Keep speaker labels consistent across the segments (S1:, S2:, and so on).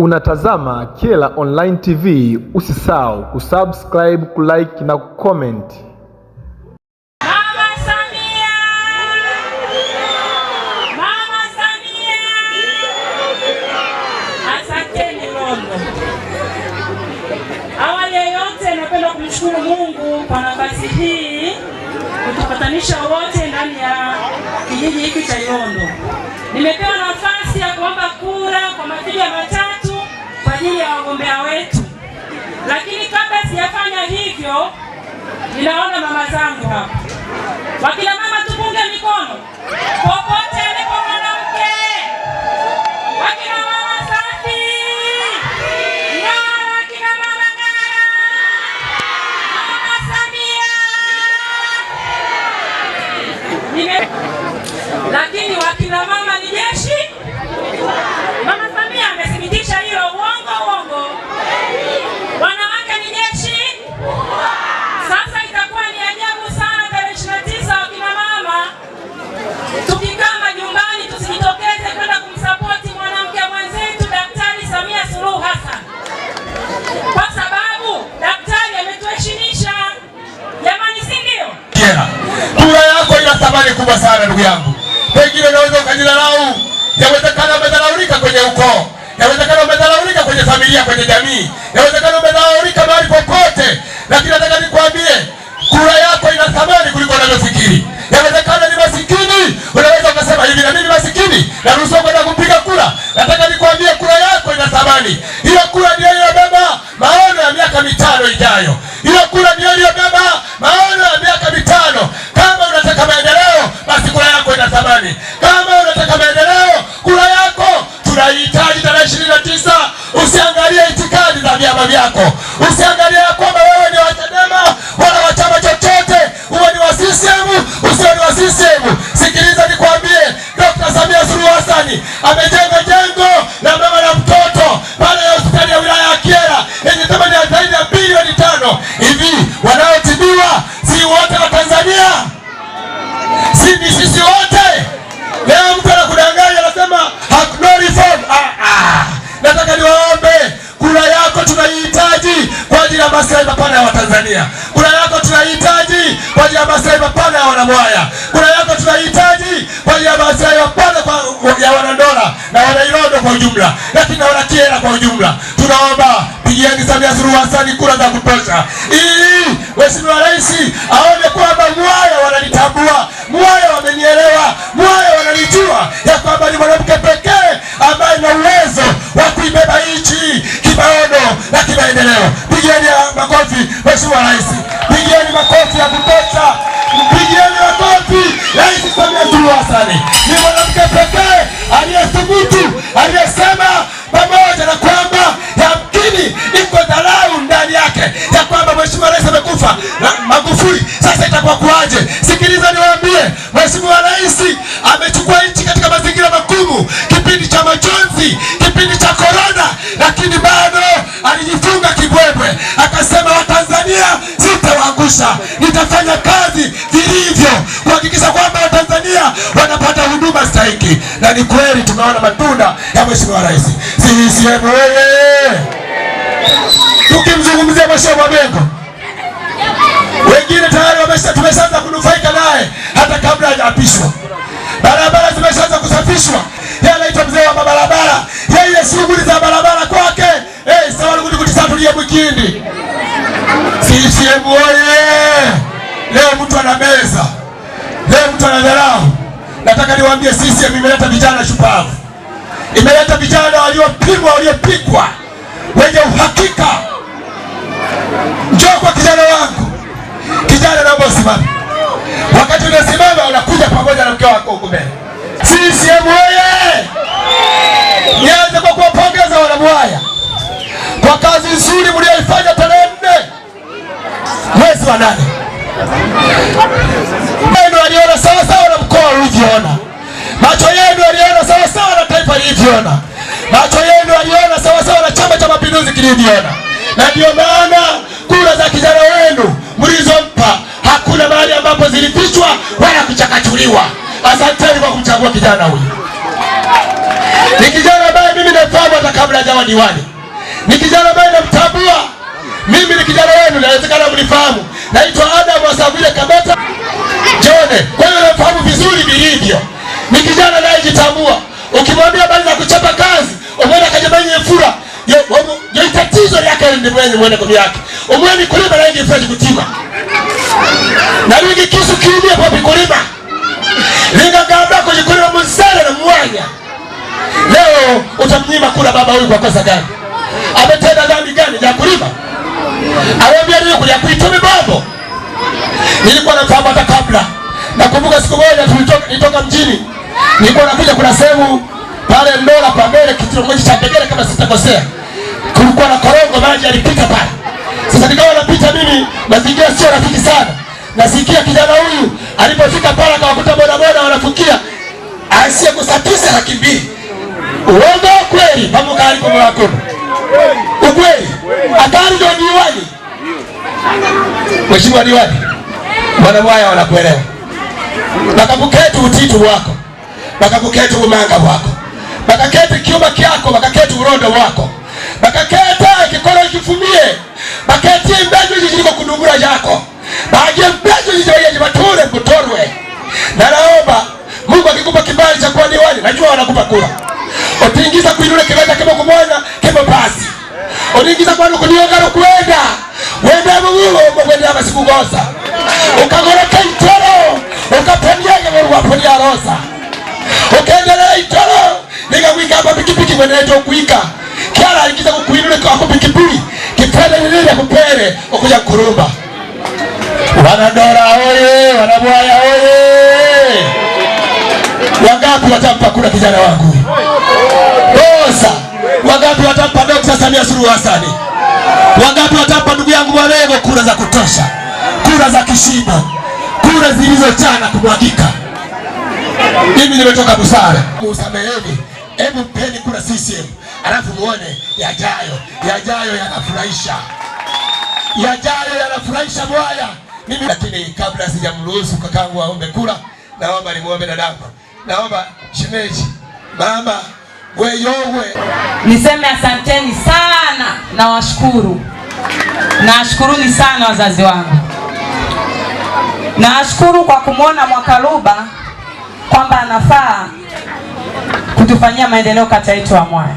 S1: Unatazama Kyela Online TV, usisahau kusubscribe, kulike na kucomment.
S2: Shukuru Mungu kwa nafasi hii kutupatanisha wote ndani ya kijiji hiki cha Nimepewa nafasi ya kuomba kura kwa mapigo ya ajili ya wagombea wetu. Lakini kabla sijafanya hivyo, ninaona mama zangu hapa, wakina mama tupunge mikono.
S3: ndugu yangu. Pengine unaweza ukajidharau, yawezekana umedharaulika kwenye ukoo, yawezekana umedharaulika kwenye familia, kwenye jamii, yawezekana umedharaulika mahali popote, lakini nataka nikwambie kura yako ina thamani kuliko unavyofikiri. Yawezekana ni masikini, unaweza ukasema hivi, na mimi masikini, naruhusiwa kwenda kupiga kura. Nataka nikwambie kura yako ina thamani. Tanzania. Kura yako tunahitaji kwa ajili ya maslahi mapana ya Wanamwaya. Kura yako tunahitaji kwa ajili ya maslahi mapana ya Wanandola na wanairondo kwa ujumla, lakini na Wanakyela kwa ujumla. Tunaomba pigieni Samia Suluhu Hassan kura za kutosha, ili Mheshimiwa Rais aone kwamba Mwaya wananitambua, Mwaya wamenielewa, Mwaya wananijua ya kwamba ni mwanamke pekee Mheshimiwa Rais. Pigieni makofi ya kutosha, pigieni makofi. Rais Samia Suluhu Hassan ni mwanamke pekee aliyethubutu, aliyesema pamoja na kwamba yamkini iko dharau ndani yake ya kwamba Mheshimiwa Rais amekufa Magufuli, sasa itakuwa kuaje? Sikiliza niwaambie, Mheshimiwa Rais amechukua nchi katika mazingira magumu, kipindi cha majonzi, kipindi cha korona, lakini bado kuangusha. Nitafanya kazi vilivyo kuhakikisha kwamba Watanzania wanapata huduma stahiki, na ni kweli tumeona matunda ya Mheshimiwa Rais. CCM wewe! Tukimzungumzia Mheshimiwa Mengo, wengine tayari tumeshaanza kunufaika naye hata kabla hajaapishwa. Barabara zimeshaanza kusafishwa, yeye anaitwa mzee wa barabara. yeye shughuli za barabara kwake. Hey, sawa, ndugu, tukutisatu mwikindi CCM oye! Leo mtu anabeza, leo mtu anadharau. Nataka niwaambie, CCM imeleta vijana shupavu, imeleta vijana waliopimwa, waliopigwa wenye uhakika. Njoo kwa kijana wangu, kijana, naomba usimame. Wakati unasimama, unakuja pamoja na mke wako huko mbele. CCM oye! Nianze kwa kuwapongeza wanamwaya kwa kazi nzuri mlioifanya tarehe nne mwezi wa nane yenu aliona sawasawa na mkoa ulivyoona, macho yenu aliona sawasawa na taifa lilivyoona, macho yenu aliona sawasawa na Chama cha Mapinduzi kilivyoona, na ndio maana kura za kijana wenu mlizompa hakuna mahali ambapo zilifichwa wala kuchakachuliwa. Asanteni kwa kumchagua kijana huyu. Ni kijana ambaye mimi nafahamu hata kabla hajawa diwani, ni kijana ambaye namtambua mimi ni kijana wenu, inawezekana mlifahamu, Naitwa Adam Wasavile Kabeta Jone. Kwa hiyo nafahamu vizuri vilivyo, ni kijana anayejitambua. Ukimwambia habari za kuchapa kazi, umwona kajabanye fura yo tatizo lake mwenye mwenye kwa yake umweni kulima na yeye fresh kutima na lingi kisu kiumia kwa bikulima linga kwa kulima mzale na mwanya leo utamnyima kula baba huyu kwa kosa gani ametenda dhambi gani ya kulima Arabia ni kuja kuichumi babo. Nilikuwa nafahamu hata kabla. Nakumbuka siku moja tulitoka nitoka mjini. Nilikuwa nakuja kuna sehemu pale Ndola kwa mbele kitongoji cha Pegere kama sitakosea. Kulikuwa na korongo maji yalipita pale. Sasa nikawa napita mimi mazingira sio rafiki sana. Nasikia kijana huyu alipofika pale akawakuta boda boda wanafukia asiye kusatisa laki mbili. Uongo kweli pamoja alipo mwakono. Mheshimiwa diwani, Wanamwaya wanakuelewa. Bakakuketi utitu wako, bakakuketi umanga wako, bakaketi kiuma kyako, bakaketi urondo wako, bakaketa kikolo kifumie, baketi mbegu zilizo kudungura yako, baje zilizo zizoyeje batule kutorwe. Na naomba Mungu akikupa kibali cha kuwa diwani, najua wanakupa kura. Otingiza kuinule kibali kama kumwona kama basi. Otingiza kwani kunioga kwe kugosa ukagoreka itoro ukaponia gorwa ponia rosa ukenderera itoro nigagwikamba pikipiki gweneretwo gwika kiararikiza gukuinurika ako pikipiki kipelelile kupere ukuja kurumba wanadora oye wanabwaya oye wangapi watampa kura kijana wangu dosa wangapi watampa doksa Samia Suluhu Hassan Wangapi watampa ndugu yangu Mwanego kura za kutosha, kura za kishiba, kura zilizochana kumwagika? Mimi nimetoka busara, usameheni. Hebu mpeni kura CCM, alafu muone yajayo. Yajayo yanafurahisha, yajayo yanafurahisha Mwaya. mimi. Lakini kabla sijamruhusu kakangu aombe kura, naomba nimuombe dadangu, naomba shemeji, mama weyowe.
S4: Niseme asanteni sana na nawashukuruni sana wazazi wangu, nawashukuru kwa kumwona Mwakaluba kwamba anafaa kutufanyia maendeleo kata yetu ya Mwaya.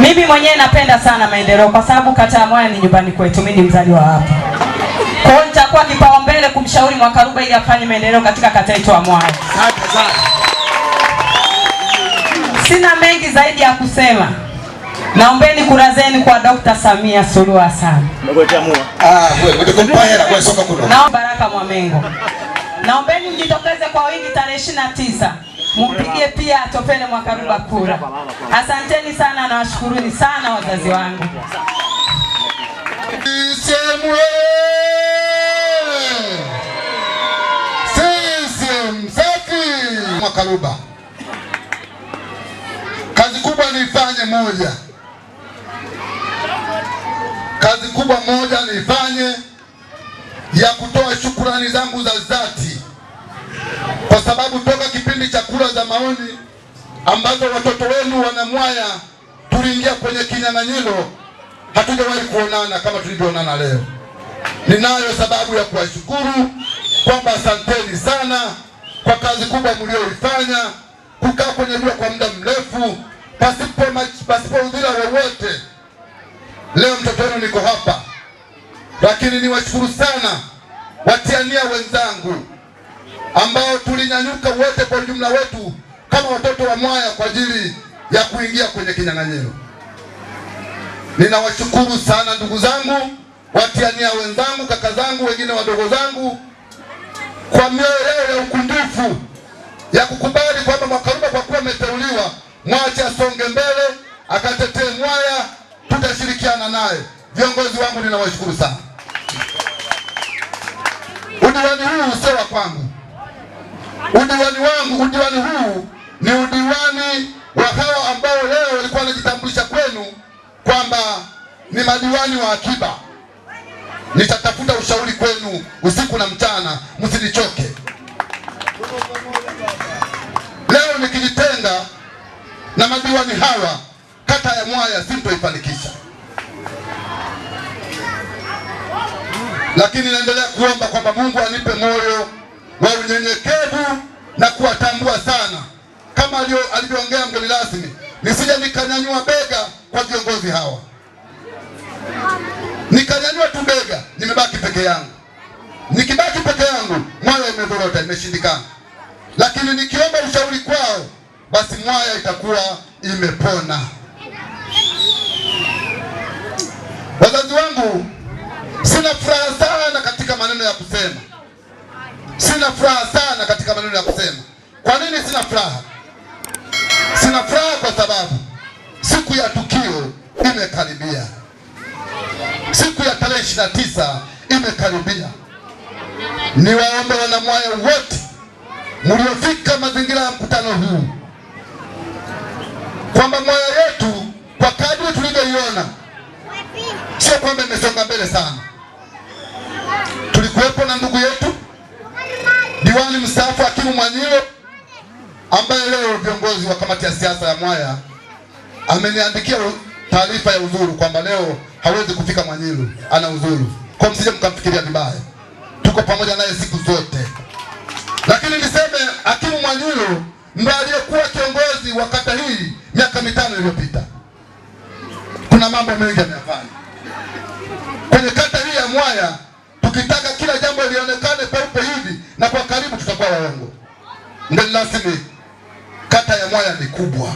S4: Mimi mwenyewe napenda sana maendeleo kwa sababu kata ya Mwaya ni nyumbani kwetu, mimi ni mzaliwa hapa. Kwa hiyo nitakuwa kipaumbele kumshauri Mwakaluba ili afanye maendeleo katika kata yetu ya Mwaya. Sina mengi zaidi ya kusema, naombeni kura zenu kwa Dr. Samia Suluhu Hassan. Baraka Mwamengo, naombeni mjitokeze kwa wingi tarehe 29 mumpigie pia Atopele Mwakaruba kura. Asanteni sana, nawashukuruni sana wazazi wangu.
S3: Mwakaruba nifanye moja, kazi kubwa moja niifanye ya kutoa shukurani zangu za dhati, kwa sababu toka kipindi cha kura za maoni ambazo watoto wenu wanamwaya tuliingia kwenye kinyang'anyiro, hatujawahi kuonana kama tulivyoonana leo. Ninayo sababu ya kuwashukuru kwamba asanteni sana kwa kazi kubwa mlioifanya, kukaa kwenye jua kwa muda mrefu pasipo pasipo udhila wowote. Leo mtoto wenu niko hapa, lakini niwashukuru sana watiania wenzangu ambao tulinyanyuka wote kwa ujumla wetu kama watoto wa mwaya kwa ajili ya kuingia kwenye kinyang'anyiro. Ninawashukuru sana ndugu zangu watiania wenzangu, kaka zangu, wengine wadogo zangu, kwa mioyo yao ya ukundufu ya kukubali kwamba Mwakaluba kwa kuwa ameteuliwa mwache asonge mbele akatetee mwaya, tutashirikiana naye. Viongozi wangu ninawashukuru sana. Udiwani huu sio wa kwangu, udiwani wangu, udiwani huu ni udiwani wa hao ambao leo walikuwa wanajitambulisha kwenu kwamba ni madiwani wa akiba. Nitatafuta ushauri kwenu usiku na mchana, msinichoke. Leo nikijitenga na madiwani hawa, kata ya Mwaya sintoifanikisha. Lakini naendelea kuomba kwamba Mungu anipe moyo wa unyenyekevu na kuwatambua sana, kama alivyoongea mgeni rasmi, nisije nikanyanyua bega kwa viongozi hawa, nikanyanyua tu bega, nimebaki peke yangu. Nikibaki peke yangu, Mwaya imezorota, imeshindikana. Lakini nikiomba ushauri kwao basi mwaya itakuwa imepona. Wazazi wangu, sina furaha sana katika maneno ya kusema, sina furaha sana katika maneno ya kusema. Kwa nini sina furaha? Sina furaha kwa sababu siku ya tukio imekaribia, siku ya tarehe ishirini na tisa imekaribia. Niwaombe wanamwaya wote mliofika mazingira ya mkutano huu kwamba Mwaya yetu kwa kadri tulivyoiona, sio kwamba imesonga mbele sana. Tulikuwepo na ndugu yetu diwani mstaafu Hakimu Mwanyilo ambaye leo viongozi wa kamati ya siasa ya Mwaya ameniandikia taarifa ya uzuru kwamba leo hawezi kufika Mwanyilo, ana uzuru. Kwa msije mkamfikiria vibaya, tuko pamoja naye siku zote. Lakini niseme Hakimu Mwanyilo ndiye aliyekuwa kiongozi wa kata hii miaka mitano iliyopita. Kuna mambo mengi yamefanya kwenye kata hii ya Mwaya. Tukitaka kila jambo lionekane peupe hivi na kwa karibu, tutakuwa waongo. Ndio lazima kata ya Mwaya ni kubwa.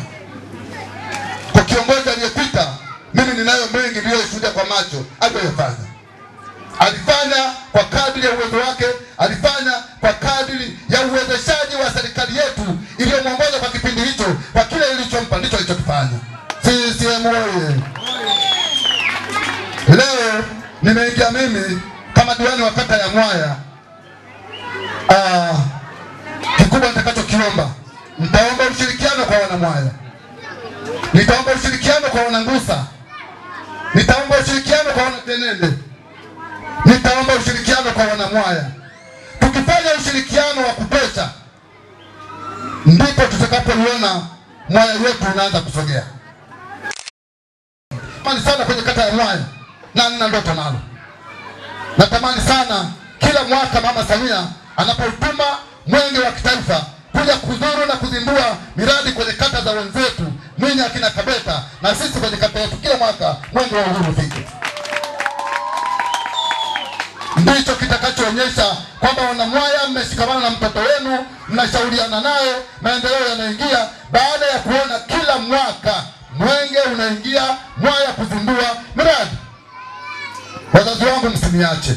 S3: Kwa kiongozi aliyepita, mimi ninayo mengi niliyoshuhudia kwa macho aliyoyafanya. Alifanya kwa kadri ya uwezo wake, alifanya kwa kadri ya uwezeshaji wa mbele. Nitaomba ushirikiano kwa wanamwaya. Tukifanya ushirikiano wa kutosha, ndipo tutakapoiona mwaya wetu unaanza kusogea sana kwenye kata ya Mwaya na nina ndoto nalo. Natamani sana kila mwaka Mama Samia anapotuma mwenge wa kitaifa kuja kuzuru na kuzindua miradi kwenye kata za wenzetu, ninyi akina Kabeta na sisi kwenye kata yetu, kila mwaka mwenge wa uhuru ufike ndicho kitakachoonyesha kwamba wanamwaya mmeshikamana na mtoto wenu, mnashauriana naye, maendeleo yanaingia baada ya kuona kila mwaka mwenge unaingia mwaya kuzindua miradi. Wazazi wangu, msiniache.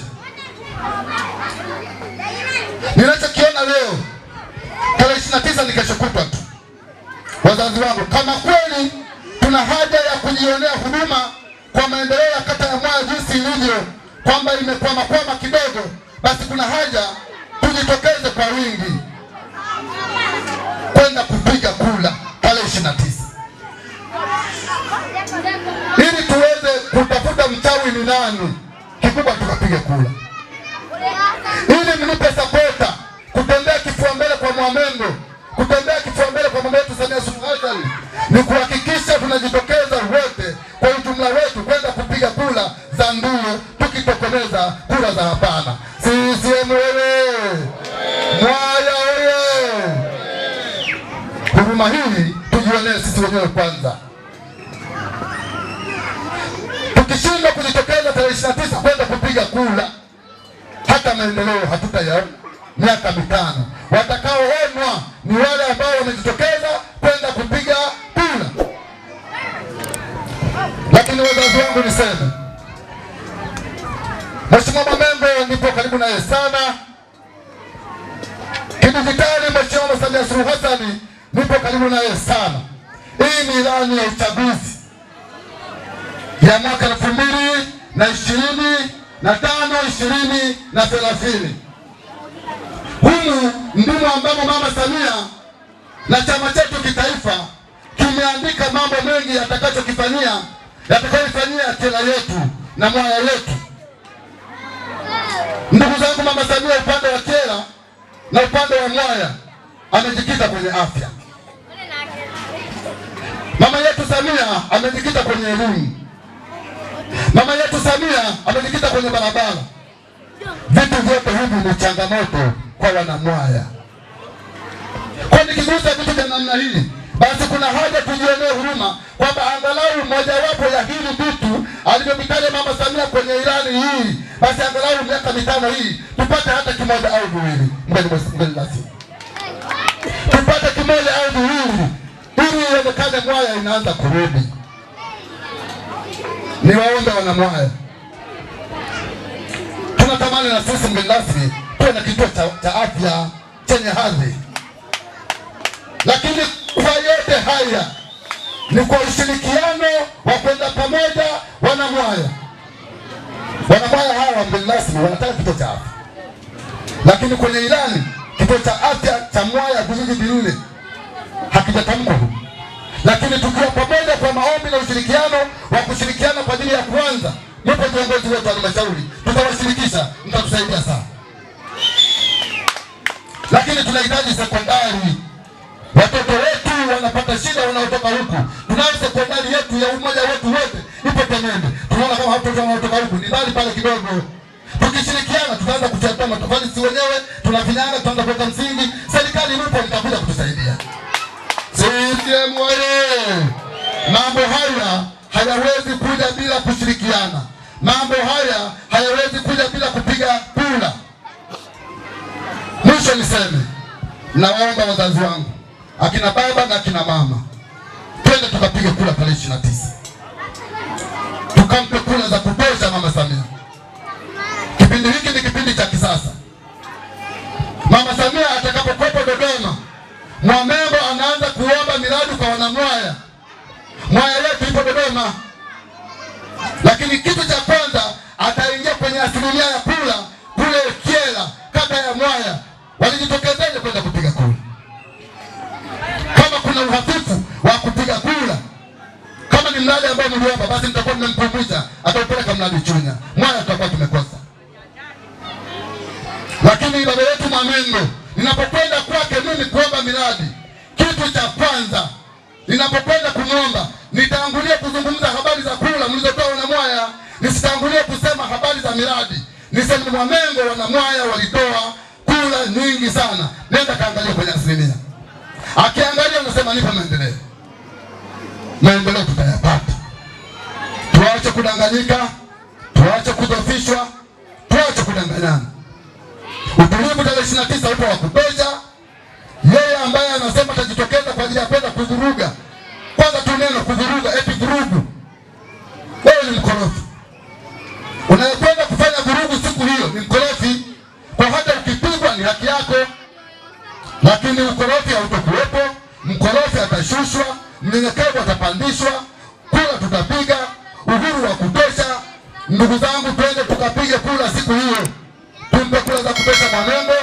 S3: Ninachokiona leo tarehe ishirini na tisa ni kesho kutwa tu. Wazazi wangu, kama kweli tuna haja ya kujionea huduma kwa maendeleo ya kata ya Mwaya jinsi ilivyo kwamba imekwamakwama kidogo, basi kuna haja tujitokeze kwa wingi kwenda kupiga kula tarehe ishirini na tisa ili tuweze kutafuta mchawi ni nani, kikubwa tukapige kula, ili mnipe sapota kutembea kifua mbele kwa Mwamendo, kutembea kifua mbele kwa mama yetu Samia Suluhu Hassan. ni maendeleo hatutayaona miaka mitano. Watakaoonwa ni wale ambao wamejitokeza kwenda kupiga kura. Lakini wazazi wangu, niseme Mheshimiwa Mwamembe, nipo karibu naye sana kidijitali. Mheshimiwa Samia Suluhu Hassan, nipo karibu naye sana. Hii ni ilani ya uchaguzi ya mwaka elfu mbili na ishirini na tano ishirini na thelathini. Humu ndimo ambamo Mama Samia na chama chetu kitaifa kimeandika mambo mengi yatakachokifanyia yatakayofanyia tela yetu na mwaya yetu. Ndugu zangu, Mama Samia upande wa tela na upande wa mwaya amejikita kwenye afya. Mama yetu Samia amejikita kwenye elimu Mama yetu Samia amejikita kwenye barabara. Vitu vyote hivi ni changamoto kwa wanamwaya. Kwa nikigusa vitu vya namna hii, basi kuna haja tujionee huruma kwamba angalau mojawapo ya hili vitu alivyovitaja Mama Samia kwenye ilani hii, basi angalau miaka mitano hii tupate hata kimoja au viwili mbelibasi, tupate kimoja au viwili ili ionekane mwaya inaanza kurudi. Niwaombe wanamwaya, tunatamani na sisi mgeni rasmi tuwe na kituo cha, cha afya chenye hadhi, lakini kwa yote haya ni kwa ushirikiano wa kwenda pamoja. Wanamwaya, wanamwaya hawa wa rasmi wanataka kituo cha afya, lakini kwenye ilani kituo cha afya cha Mwaya Vijiji Vilule hakijatamkwa lakini tukiwa pamoja kwa maombi na ushirikiano wa kushirikiana kwa ajili ya kwanza, mpo viongozi wetu wa halmashauri, tutawashirikisha, mtatusaidia sana. Lakini tunahitaji sekondari, watoto wetu wanapata shida wanaotoka huku. Tunayo sekondari yetu ya umoja wetu wote ipo Temende, tunaona kama watoto wanaotoka huku ni mbali pale kidogo. Tukishirikiana tutaanza kuchata matofali, si wenyewe tunafinyana, tutaanza kuweka msingi. Serikali ipo, itakuja kutusaidia. CCM oyee! Mambo haya hayawezi kuja bila kushirikiana. Mambo haya hayawezi kuja bila kupiga kura. Mwisho niseme, nawaomba wazazi wangu, akina baba na akina mama, twende tukapige kura tarehe ishirini na tisa tukampe kura za kutosha Mama Samia. Kipindi hiki ni kipindi cha kisasa. Mama Samia atakapokuwepo Dodoma, Mwamembo ana kuomba miradi kwa wanamwaya. Mwaya yetu ipo Dodoma, lakini kitu cha kwanza ataingia kwenye asilimia ya kula kule Kyela, kata ya Mwaya. Walijitokezaje kwenda kupiga kula? Kama kuna uhasifu wa kupiga kula, kama ni mradi ambao niliomba, basi nitakuwa mmempunguza, ataupeleka mradi Chunya. Mwaya tutakuwa tumekosa. Lakini baba yetu Mwamendo, ninapokwenda kwake mimi kuomba miradi kitu cha kwanza ninapokwenda kumwomba, nitangulie kuzungumza habari za kula mlizotoa Mwaya, nisitangulie kusema habari za miradi. Niseme Mwamengo Mwaya walitoa kula nyingi sana, nenda kaangalia kwenye asilimia. Akiangalia anasema nipo maendeleo, maendeleo tutayapata. Tuache kudanganyika, tuache kudhofishwa, tuache kudanganyana. Utulivu tarehe ishirini na tisa upo wa ambaye anasema atajitokeza kwa ajili ya kwenda kuvuruga, kwanza tu neno kuvuruga, eti vurugu, wewe ni mkorofi. Unayekwenda kufanya vurugu siku hiyo ni mkorofi, kwa hata ukipigwa ni haki yako, lakini ukorofi hautokuwepo. Mkorofi atashushwa, mnyenyekevu atapandishwa, kula tutapiga, uhuru wa kutosha. Ndugu zangu, twende tukapige kula siku hiyo, tumpe kula za kutosha Mwanengo,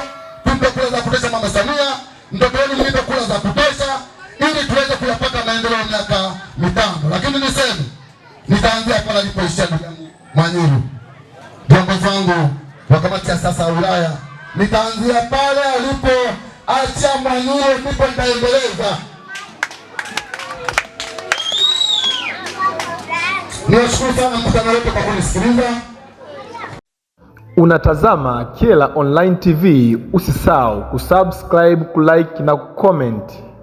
S3: tumpe kula za kutosha Mama Samia mtoto wenu mlipe za kutosha, ili tuweze kuyapata maendeleo ya miaka mitano. Lakini niseme, nitaanzia pale alipoishia Mwanyuru, viongozi wangu wa kamati ya sasa ya wilaya, nitaanzia pale alipoacha Mwanyuru, ndipo nitaendeleza. Niwashukuru sana mkutano wote kwa kunisikiliza.
S1: Unatazama Kyela Online TV, usisahau kusubscribe, kulike na kucomment.